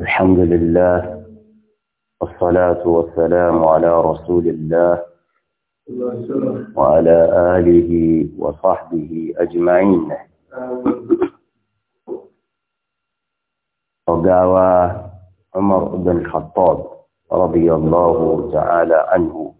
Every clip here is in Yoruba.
الحمد لله والصلاة والسلام على رسول الله وعلى آله وصحبه أجمعين وقاوى عمر بن الخطاب رضي الله تعالى عنه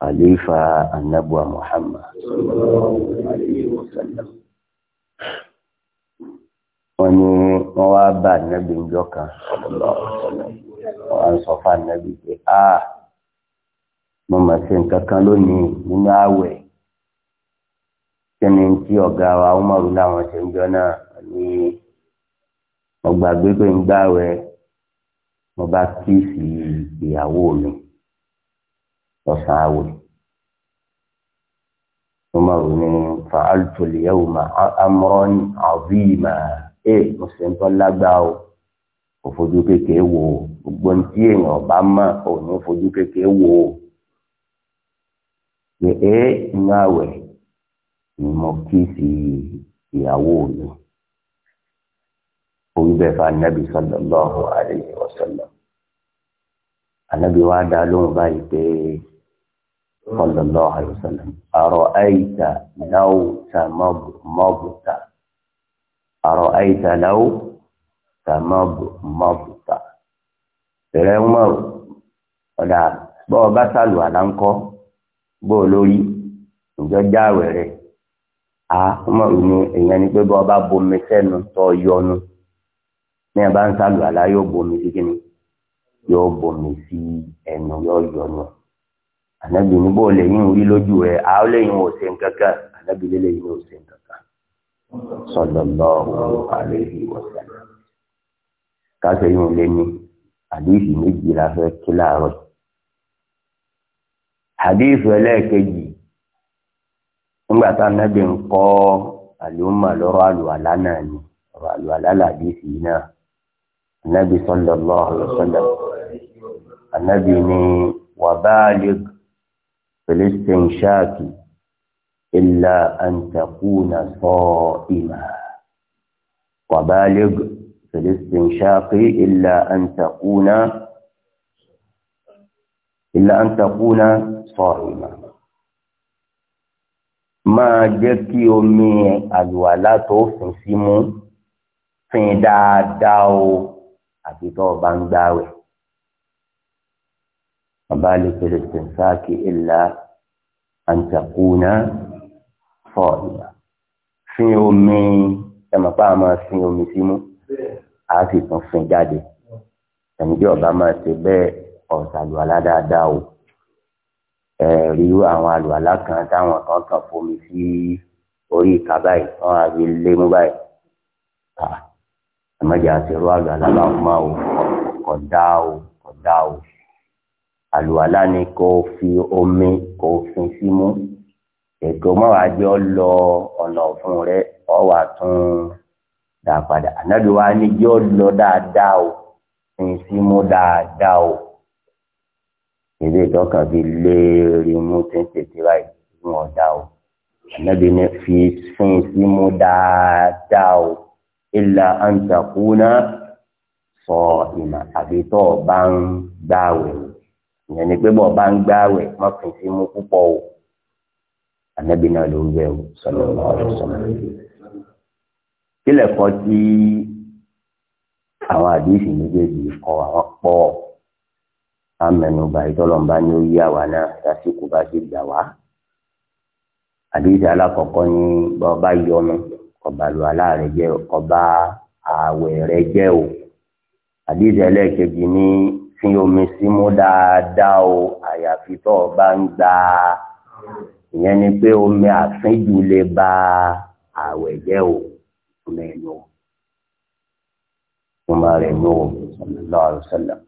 خليفة النبوة محمد صلى الله عليه وسلم ومن wọ́n wá bá nẹ́bí ńjọ́ kan wọ́n sọ fún nẹ́bí pé a ah, mo mọ̀ sí nǹkan kan lónìí nínú ààwẹ̀ kíni tí ọ̀gá wa Umaru láwọn ṣe ń jọ náà ní ọgbà gbégbé ń gbààwẹ̀ mo bá kíìsì ìyàwó mi lọ́sàn ààwẹ̀ Umaru ní fa'altu al-yawma amran 'azima ee mùsùlùmí tó lágbàá o kò fojú kékeré wò ó gbogbo ní tí èèyàn bá mọ̀ ò ní fojú kékeré wò ó pé ee inú àwẹ̀ ni mo kí sí ìyàwó mi orí bẹ́ẹ̀ fa anabi sallallahu alayhi wa sallam anabi wa dá lóhùn báyìí pé. صلى الله عليه وسلم أرأيت لو تمضمضت أرأيت لو تمضمضت bẹ̀rẹ̀ ń mọ̀ ọ̀dà bọ́ ọ bá sàlù àláńkọ́ bó o lórí ìjọ jáwèé rẹ̀ a mọ̀ ní èèyàn ni pé bọ́ ọ bá bomi sẹ́nu tọ́ yọnu ní ẹ bá ń sàlù àlá yóò bomi sí kíni yóò bomi sí ẹnu yóò yọnu ànábì ní bó o rí lójú rẹ̀ a ó lè yín ò ànábì lè lè yín ò sallallahu alaihi wasallam káṣẹ yóò lé ní àdéhìí méjì la fẹ́ kí láàárọ̀ àdéhìí ẹlẹ́ẹ̀kejì nígbà tá a nábì ń kọ́ àlùmọ lọ́rọ̀ àlùwàlá náà ni ọ̀rọ̀ àlùwàlá làdéhìí náà anábì sallallahu alaihi wasallam ni wàbáàlì fèlèsìtẹ̀ ń illa an takuna sa'ima wa baligh fil istinshaqi illa an takuna illa an takuna sa'ima máa jẹ́ kí omi àlùwàlá tó fún símú fin dáadáa o àti tó o bá ń gbáwẹ̀. Bàbá lè fèrè sèǹsáàkì ìlà àǹtàkùnà fọ ìyá fi omi ẹ̀mọ̀ pa àmọ́ fi omi símú a sì tún fin jáde ẹni bí ọba máa ṣe bẹ́ẹ̀ ọ̀sàlù aládáadáa o ẹ̀rírú àwọn àlùalá kan táwọn kan kàn fomi sí orí ìka báyìí wọ́n á fi lé mú báyìí àmọ́jà àṣẹrú àlùalá bá wọn máa kọ̀ dá o kọ̀ o àlùalá ni kò fi omi kò fin símú ètò mọ́wàá jẹ́ ọ lọ ọ̀nà ọ̀fun rẹ ọ wà tún dà padà ànábi wa ní jẹ́ ọ lọ dáadáa o sin sí mú dáadáa o ìdí ìtọ́kàn fi léèrè mú tí ń tètè báyìí fún ọ̀dà o ànábi fi sin sí dáadáa o ìlà àǹtàkùnà sọ ìmọ̀ àfi bá ń gbáwẹ̀ ìyẹn ni pé bọ́ ọ bá ń gbáwẹ̀ má fi sí púpọ̀ o ànábì náà ló ń bẹ̀ o sọlọ ọ̀rọ̀ sọlọ. kílẹ̀ kọ́ tí àwọn àdìsí méjèèjì kọ́ àwọn pọ̀ amẹnubà ìtọ́lọ́mbá ni ó yí àwa náà lásìkò bá ti gbà wá. àdìsí alákọ̀ọ́kọ́ ní bọ́ọ̀bá yọnu ọba lu aláàrẹ jẹ́ ọba ààwẹ̀ rẹ jẹ́ o àdìsí ẹlẹ́ẹ̀kejì ní fi omi símú dáadáa o àyàfi tó o bá ń gba ìyẹn ni pé omi àfínjù lè ba àwẹ̀ jẹ́ o omi ẹ̀nu o ọmọ rẹ̀ ní o sallallahu alaihi wasallam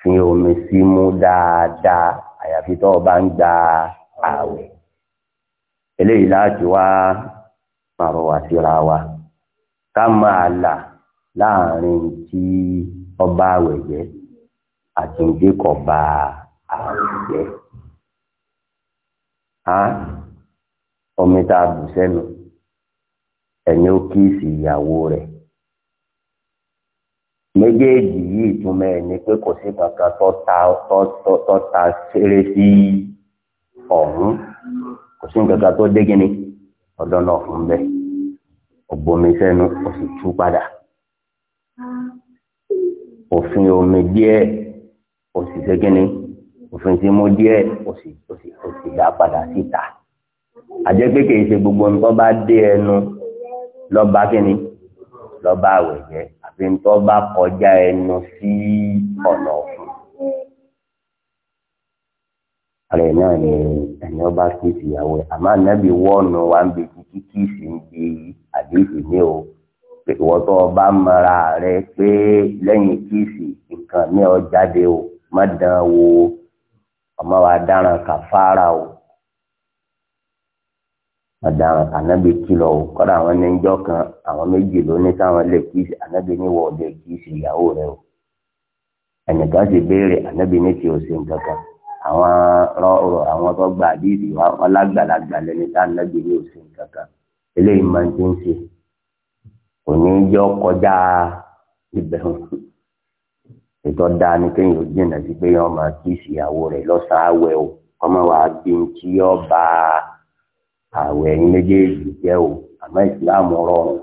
fi omi sí mú dáadáa àyàfi tó o bá ń gba àwẹ̀ eléyìí láti wá pàrọ̀ wá wa ká máa là láàrin tí ọba àwẹ̀ jẹ́ àti ń bá àwẹ̀ jẹ́ a omi tá a bù sẹ́nu ẹni ó kíìsì ìyàwó rẹ̀ méjèèjì yìí ìtumọ̀ ẹ̀ ni pé kò sí kankan tó ta tó ta ṣeré sí ọ̀hún kò sí kankan tó dé gíní ọ̀dọ́ náà fún bẹ́ẹ̀ ọ̀gbọ́nmi sẹ́nu kò sì tú padà òfin omi díẹ̀ kò sì ṣe gíní òfin ti mú díẹ̀ ó sì ó sì ó sì dá padà síta àjẹ́ pé kìí ṣe gbogbo nǹkan bá dé ẹnu lọ́ba kínní lọ́ba àwẹ̀jẹ́ àfi nǹkan bá kọjá ẹnu sí ọ̀nà ọ̀fun. ààrẹ náà ni ẹni ọba kí ìyàwó ẹ àmọ́ ànábì wọ́ọ̀nù wa ń bẹ títí kí sì ń di àdéhùn ní o ìwọ tó o bá rẹ pé lẹ́yìn kíìsì nǹkan ní ọ jáde o má dán wò ó. ọmọ wa dáràn kàfàrà o ọ̀daràn ànábì kìlọ̀ o kọ́dà àwọn ẹnìjọ́ kan àwọn méjì ló ní táwọn lè kí si níwọ̀ ọ̀dẹ kì í si ìyàwó rẹ o ẹnìkan sì béèrè ànábì ní tí o ṣe nǹkan kan àwọn rọrọ àwọn tó gba àdìsí wọn lágbàlagbà lẹni tá ní o ṣe eléyìí máa ń ṣe jọ kọjá ètò da ni kéèyàn ó jìnnà sí pé yọ́n máa kí ìsìyàwó rẹ̀ lọ́sàáwẹ̀ o kọ́mọ wàá bí n tí yọ́ ba àwẹ̀ ẹ̀yin méjèèjì jẹ́ o àmọ́ ìsìláàmù rọrùn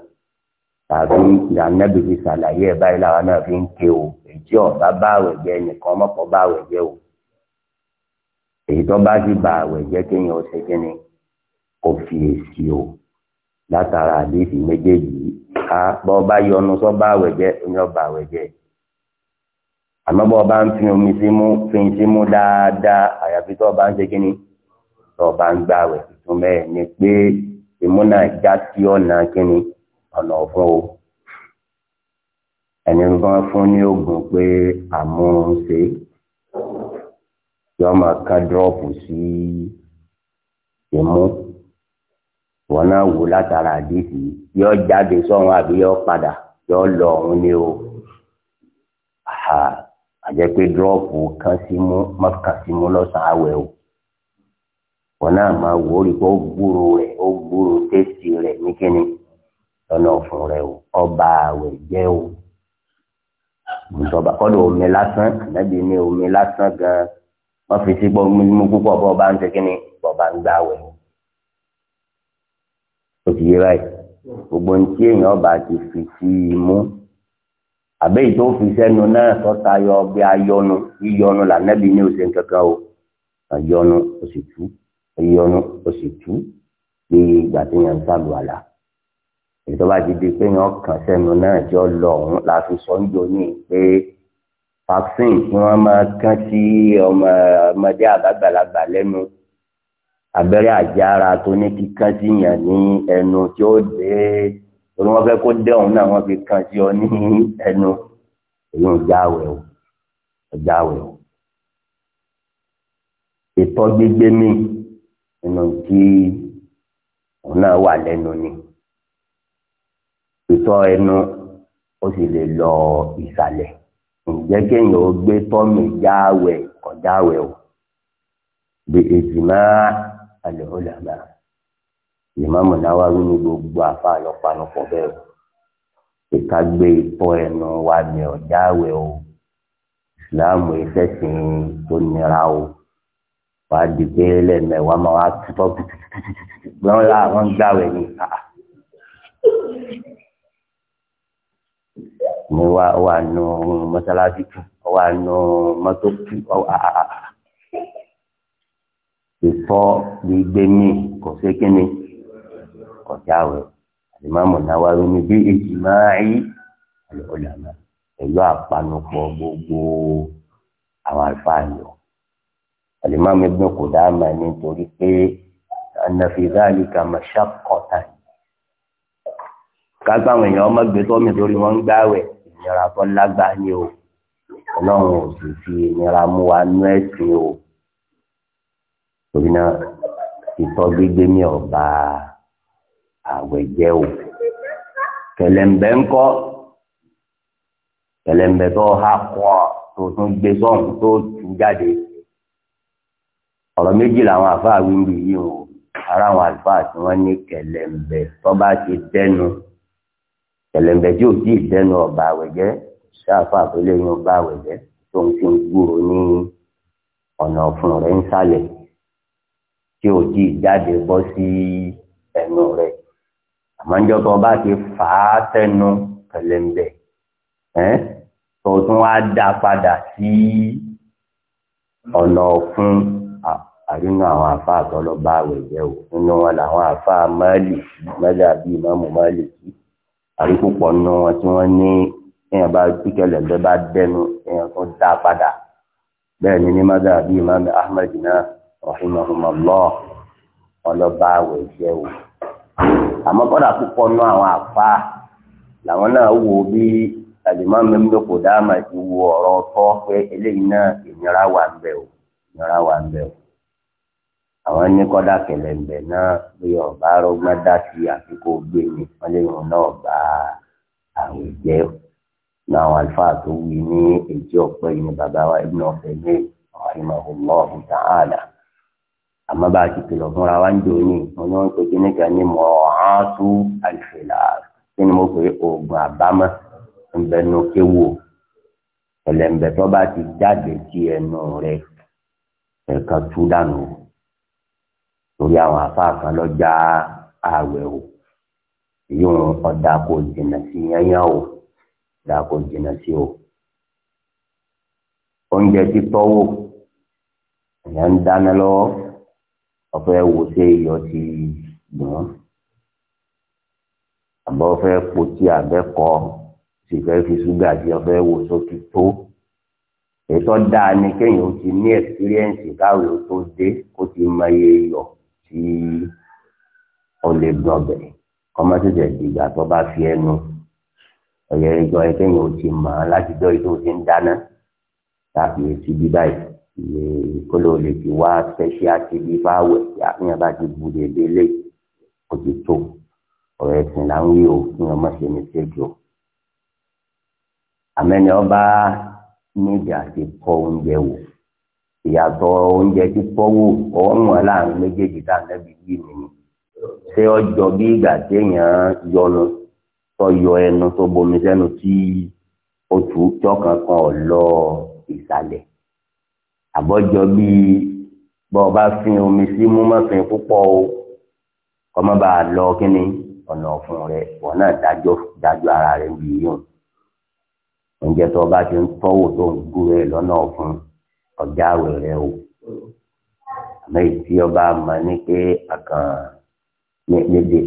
tàbí ìyànnẹ́bí fi ṣàlàyé ẹ̀ báyìí làwọn náà fi ń ké o èyí ọ̀bá bá àwẹ̀ jẹ́ nìkan mọ́kàn bá àwẹ̀ jẹ́ o èyí tó bá sì ba àwẹ̀ jẹ́ kéèyàn ó ṣe kíni kò fi o látara àdéhìí méjèèjì ká bọ́ bá yọnu sọ́ bá àwẹ̀ jẹ́ ó ní ọba àwẹ̀ jẹ́ àmọ́ bọ́ ọba ń fi omi sí mú fi ń sí mú dáadáa àyàfi tó ọba ń ṣe kí ni tó ọba ń gbà wẹ̀ tuntun bẹ́ẹ̀ ni pé ìmúnà já sí ọ̀nà kí ni ọ̀nà ọ̀fun o ẹni gan fún ní oògùn pé àmúṣe yọ máa ká dírọ́ọ̀pù sí ìmú wọn náà wò látara àdìsí yọ jáde sọ́run àbí yọ padà yọ lọ ọ̀hún ni o àjẹ́ pé dúrọ́ọ̀pù kan sí mú má kàn sí mú lọ́sàn-án àwẹ̀ o wọn náà máa wò ó rí pé ó gbúrò rẹ̀ ó gbúrò tẹ́sì rẹ̀ ní kíni lọ́nà ọ̀fun rẹ̀ o ọba àwẹ̀ jẹ́ o ìjọba kọ́dọ̀ omi lásán ànábì ní omi lásán gan-an wọ́n fi sí gbọ́mú púpọ̀ bọ́ ọba ń ṣe kíni bọ́ba ń gbá àwẹ̀ o ti yé báyìí gbogbo ní tí èèyàn ọba ti fi sí imú àbẹ́ yìí tó fi sẹ́nu náà sọ́ta yọ bí ayọnu yíyọnu lànàbí ní oṣù kankan o ayọnu o sì tú ayọnu o sì tú bí ìgbà tí yẹn sálù àlà èyí tó bá ti di pé yẹn kàn sẹ́nu náà jọ lọ ọ̀hún la fi sọ ń jọ ní pé vaccine tí wọ́n máa kán sí ọmọ ọmọdé àbágbàlagbà lẹ́nu abẹ́rẹ́ àjára tó ní kíkán sí yàn ní ẹnu tí ó dé torí wọ́n fẹ́ kó dẹ́hùn náà wọ́n fi kàn sí ọ ní ẹnu èyí ń jáwé o jáwé o ìtọ́ gbígbé mi nínú tí òun náà wà lẹ́nu ni ìtọ́ ẹnu ó sì lè lọ ìsàlẹ̀ ǹjẹ́ kéèyàn ó gbé tọ́mì jáwé kọjáwé o bí ìjìmá àlè ó làbára ìmáàmù Nawawi ní gbogbo àfa àlọ́panupọ̀ bẹ́ẹ̀ ìka gbé ìtọ́ ẹnu wa ní ọ̀dáwẹ̀ o ìsìláàmù ìfẹ̀sìn tó nira o wàá di pé lẹ́mẹ̀wàá máa wá tutọ́ gbọ́n la wọ́n ń gbàwẹ̀ ní ìta. ni wa wa nù mọ́sálásí tù wa nù mọ́tò tù ìfọ́ gbígbé mi kò sí kí kọjá àwẹ̀ àdìmọ́mù Nawawi ní bí ijma'i al-ulama pẹ̀lú àpanupọ̀ gbogbo àwọn àlùfáàlù àdìmọ́mù Ibn Qudama nítorí pé anna fi dhalika mashaqqatan kápá àwọn èèyàn ọmọ gbé tọ́mì lórí wọn ń gbáwẹ̀ ìnira tó lágbàá ni o ọlọ́run ò sì fi ìnira mú wa nú ẹ̀sìn o torí náà ìtọ́ gbígbé ọ̀bàá àwẹ̀ jẹ́ o kẹlẹ̀mbẹ́ ń kọ́ kẹlẹ̀mbẹ́ tó há kọ́ tó tún gbé sọ́hùn tó tún jáde ọ̀rọ̀ méjì làwọn àfáà wí ń yí o ara àwọn àlùfáà tí wọ́n ní kẹlẹ̀mbẹ́ tó bá ti dẹnu kẹlẹ̀mbẹ́ tí ò tí ì dẹnu ọ̀bà àwẹ̀ jẹ́ ṣáàfà tó lè yan ọba àwẹ̀ jẹ́ tó ń fi gbúrò ní ọ̀nà ọ̀fun rẹ̀ ń sálẹ̀ tí ò tí ì jáde bọ́ sí ẹnu rẹ̀ àmọ́jọ́ tó bá ti fà á tẹnu pẹ̀lẹ́mbẹ̀ ẹ́ tó tún wá dá padà sí ọ̀nà ọ̀fun àrínú àwọn àfa àtọlọ́ba àwẹ̀jẹ̀ o nínú wọn làwọn àfa máàlìkì mẹ́lẹ̀ àbí ìmáàmù máàlìkì àríkùpọ̀ nínú wọn tí wọ́n ní èèyàn bá kíkẹ́lẹ̀ bẹ́ẹ̀ bá dẹnu èèyàn tó dá padà bẹ́ẹ̀ ni ní mẹ́lẹ̀ àbí ìmáàmù ahmed náà rahimahumallah ọlọ́ba àwẹ̀jẹ̀ o àmọ́ kọ́dà púpọ̀ nú àwọn àfa làwọn náà wò bí àlùmọ́ mẹ́mílò kò dá àmà ti wo ọ̀rọ̀ ọ̀tọ́ pé eléyìí náà ìnira wà ń bẹ̀ o ìnira wà ń bẹ̀ o àwọn ní kọ́dà kẹlẹ̀ǹbẹ̀ náà bí ọ̀bá rọgbọ́n dá sí àfikún gbé ni wọ́n lè yàn náà bá àwẹ̀ jẹ́ o náà àwọn àlùfáà tó wí ní èjì ọ̀pẹ́ yìí ni bàbá wa ibùdó ọ̀fẹ́ ní ọ̀hìnmọ̀ ọ̀hìnmọ̀ ọ̀hìnmọ̀ àmọ́ bá a ti kìlọ̀ fúnra wa ń dòní wọn ni wọn pe kí nìkan ní mọ̀ ọ́n tú àlùfẹ́là kí ni mo pe oògùn àbámọ́ ńbẹ́nu kéwò ẹlẹ́mbẹ́ tó bá ti jáde tí ẹnu rẹ ẹ̀ka tú dànù torí àwọn afáà kan lọ́jà ààwẹ̀ o èyí ọ̀dà kò jìnnà sí yányá o ọ̀dà kò jìnnà sí o oúnjẹ títọ́wò ẹ̀yà ń dáná lọ́wọ́ ọfẹ wo ṣe yọ ti dùn àbọ ọfẹ po tí abẹkọ sì fẹ́ fi ṣúgà sí ọfẹ wo sókè tó ètò dáa ni kéèyàn ó ti ní ẹ̀sìrìẹ̀nsì káwé ó tó dé kó ti mọ iye yọ tí ó lè gbọ̀bẹ̀ kọ́mọ tètè dìgbà tó bá fi ẹnu ọ̀yẹ̀rẹ̀ jọ kéèyàn ó ti mọ̀ láti jọ ìtò ti ń dáná tàbí etí bí báyìí lè kóló lè fi wá fẹsí àti bí fáwẹ àfihàn bá ti bu dédé lé kó tó ọ̀rọ̀ ẹ̀sìn là ń wí o kí wọn má ṣe mistake o àmẹni ọba níbi àti kọ oúnjẹ wò ìyàtọ̀ oúnjẹ tí pọwọ ọwọ́ wọn láàrin méjèèjì tá a lẹbi bí mi ni ṣé ọjọ́ bí ìgbà téèyàn yọnu tó yọ ẹnu tó bomi sẹ́nu tí oṣù tí ọkàn kan ọ lọ ìsàlẹ̀ àbọ̀jọ bíi bọ́ ọ bá fi omi sí mú má fi púpọ̀ o kọ́ má bàa lọ kíni ọ̀nà ọ̀fun rẹ̀ wọ́n náà dájọ́ dájọ́ ara rẹ̀ bí yíyùn oúnjẹ tó o bá ti ń tọ́wò tó ń gúrò ẹ̀ lọ́nà ọ̀fun ọjà àwẹ̀ rẹ̀ o àmọ́ ìtí ọba mọ̀ ní pé àkàn níbi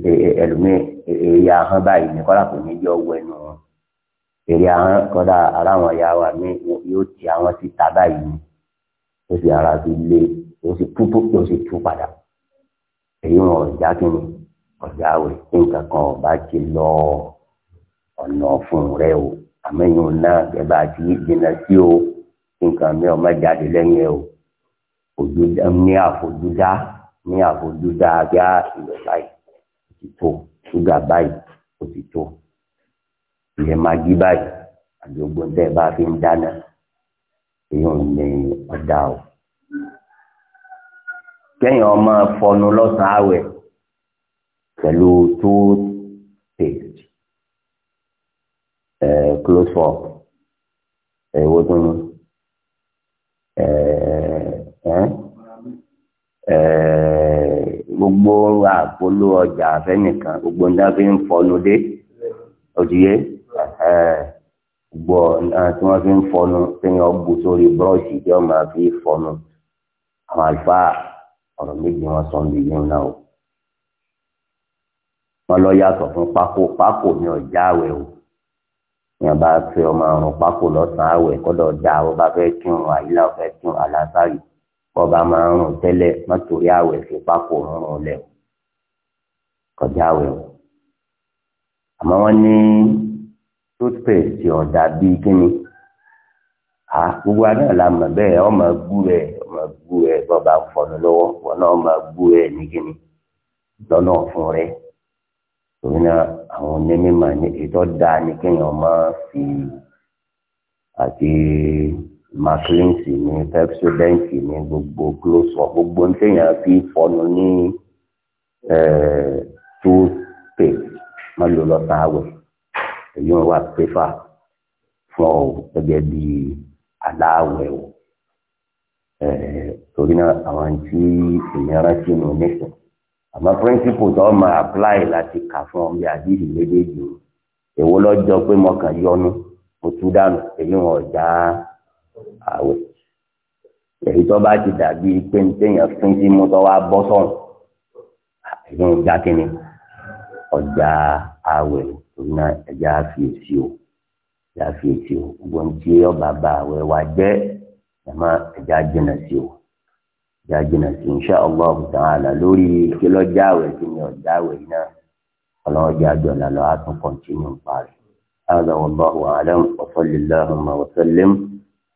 ẹlòmíì èrè ahọ́n báyìí ní kọ́lá kò ní jọ wọ ẹnu wọn èrè ahọ́n kọ́dà aláwọn ìyá wa mi yóò ti àwọn ti ta báyìí ó sì ara ti lé ó sì tú tó ó sì tú padà èyí wọn ọjà kínní ọjà àwẹ nǹkan kan ọba ti lọ ọ̀nà fún rẹ o àmọ́ ìyẹn ò náà bẹ́ẹ̀ bá ti sí o nǹkan mi ò má jáde lẹ́yìn o òjòdá ní àfojúdá ní àfojúdá abíá ilẹ̀ báyìí ó ti tó ṣúgà báyìí ó ti tó ilẹ̀ májí báyìí àdógbò tẹ́ ẹ bá fi ń dáná èyí ò ní ọ̀dà o kẹ́yìn ọmọ fọnu lọ́sàn-án àwẹ̀ pẹ̀lú toothpaste ẹ̀ close up ẹ̀ wo tún ní ẹ̀ ẹ̀ gbogbo àpolú ọjà afẹ́nìkan gbogbo ní a fi ń fọnu dé òjìyé ẹ̀ gbọ́ tí wọ́n fi ń fọnu téèyàn bu sórí búrọ́ọ̀ṣì tí wọ́n máa fi fọnu àwọn àlùfáà ọ̀rọ̀ méjì wọn sọ níbi yẹn náà o wọn lọ yàtọ̀ fún pákó pákó ní ọjà àwẹ̀ o yẹn bá fẹ́ ọmọ àrùn pákó lọ́sàn-án àwẹ̀ kọ́dọ̀ dá o bá fẹ́ kírun àyílá o fẹ́ kírun àlásàrì bọ́ba máa ń rùn tẹ́lẹ̀ mọ́tòrí àwẹ̀ fi pákó rùn lẹ̀ o kọjá àwẹ̀ o àmọ́ wọ́n ní toothpaste ọ̀dà bíi kíni à gbogbo aná la mọ̀ bẹ́ẹ̀ ọmọ gbú ẹ̀ ọmọ gbú ẹ̀ bọ́ba fọ̀nù lọ́wọ́ wọn náà ọmọ gbú ẹ̀ ní kíni lọ́nà ọ̀fun rẹ̀ torí náà àwọn onímọ̀ ní ètò dáa ní kéèyàn máa fi àti maclinsi ní pepsodenti ní gbogbo close up gbogbo ní kéèyàn fi fọ̀nù ní toothpaste má lò lọ́sàn àwẹ̀ èyí wọn wà pẹ́fà fún ọ gẹ́gẹ́ bí aláwẹ̀ o torí náà àwọn tí èèyàn rántí nù nísìn àmọ́ píríncípù tó máa apply láti kà fún ọmọ àdìsí méjèèjì o èwo lọ́jọ́ pé mo kàn yọnu mo tún dànù èyí wọn ò já àwẹ̀ èyí tó bá ti dàbí pé ń sí mú tó wá bọ́ sọ̀rùn èyí wọn já kínní ọjà àwẹ̀ o torí náà ẹja àfiyèsí o ẹja àfiyèsí o gbogbo ní tí ọba bá àwẹ̀ wa jẹ́ ẹ̀mọ́ ẹja jìnà sí o ẹja jìnà sí insha Allah ta'ala lórí kílọ̀jà àwẹ̀ kí ni ọ̀jà àwẹ̀ náà ọlọ́run jẹ́ àjọ àtún kọ́ntínú parí. هذا والله أعلم وصل اللهم وسلم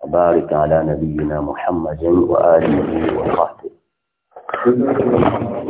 وبارك على نبينا محمد وآله وصحبه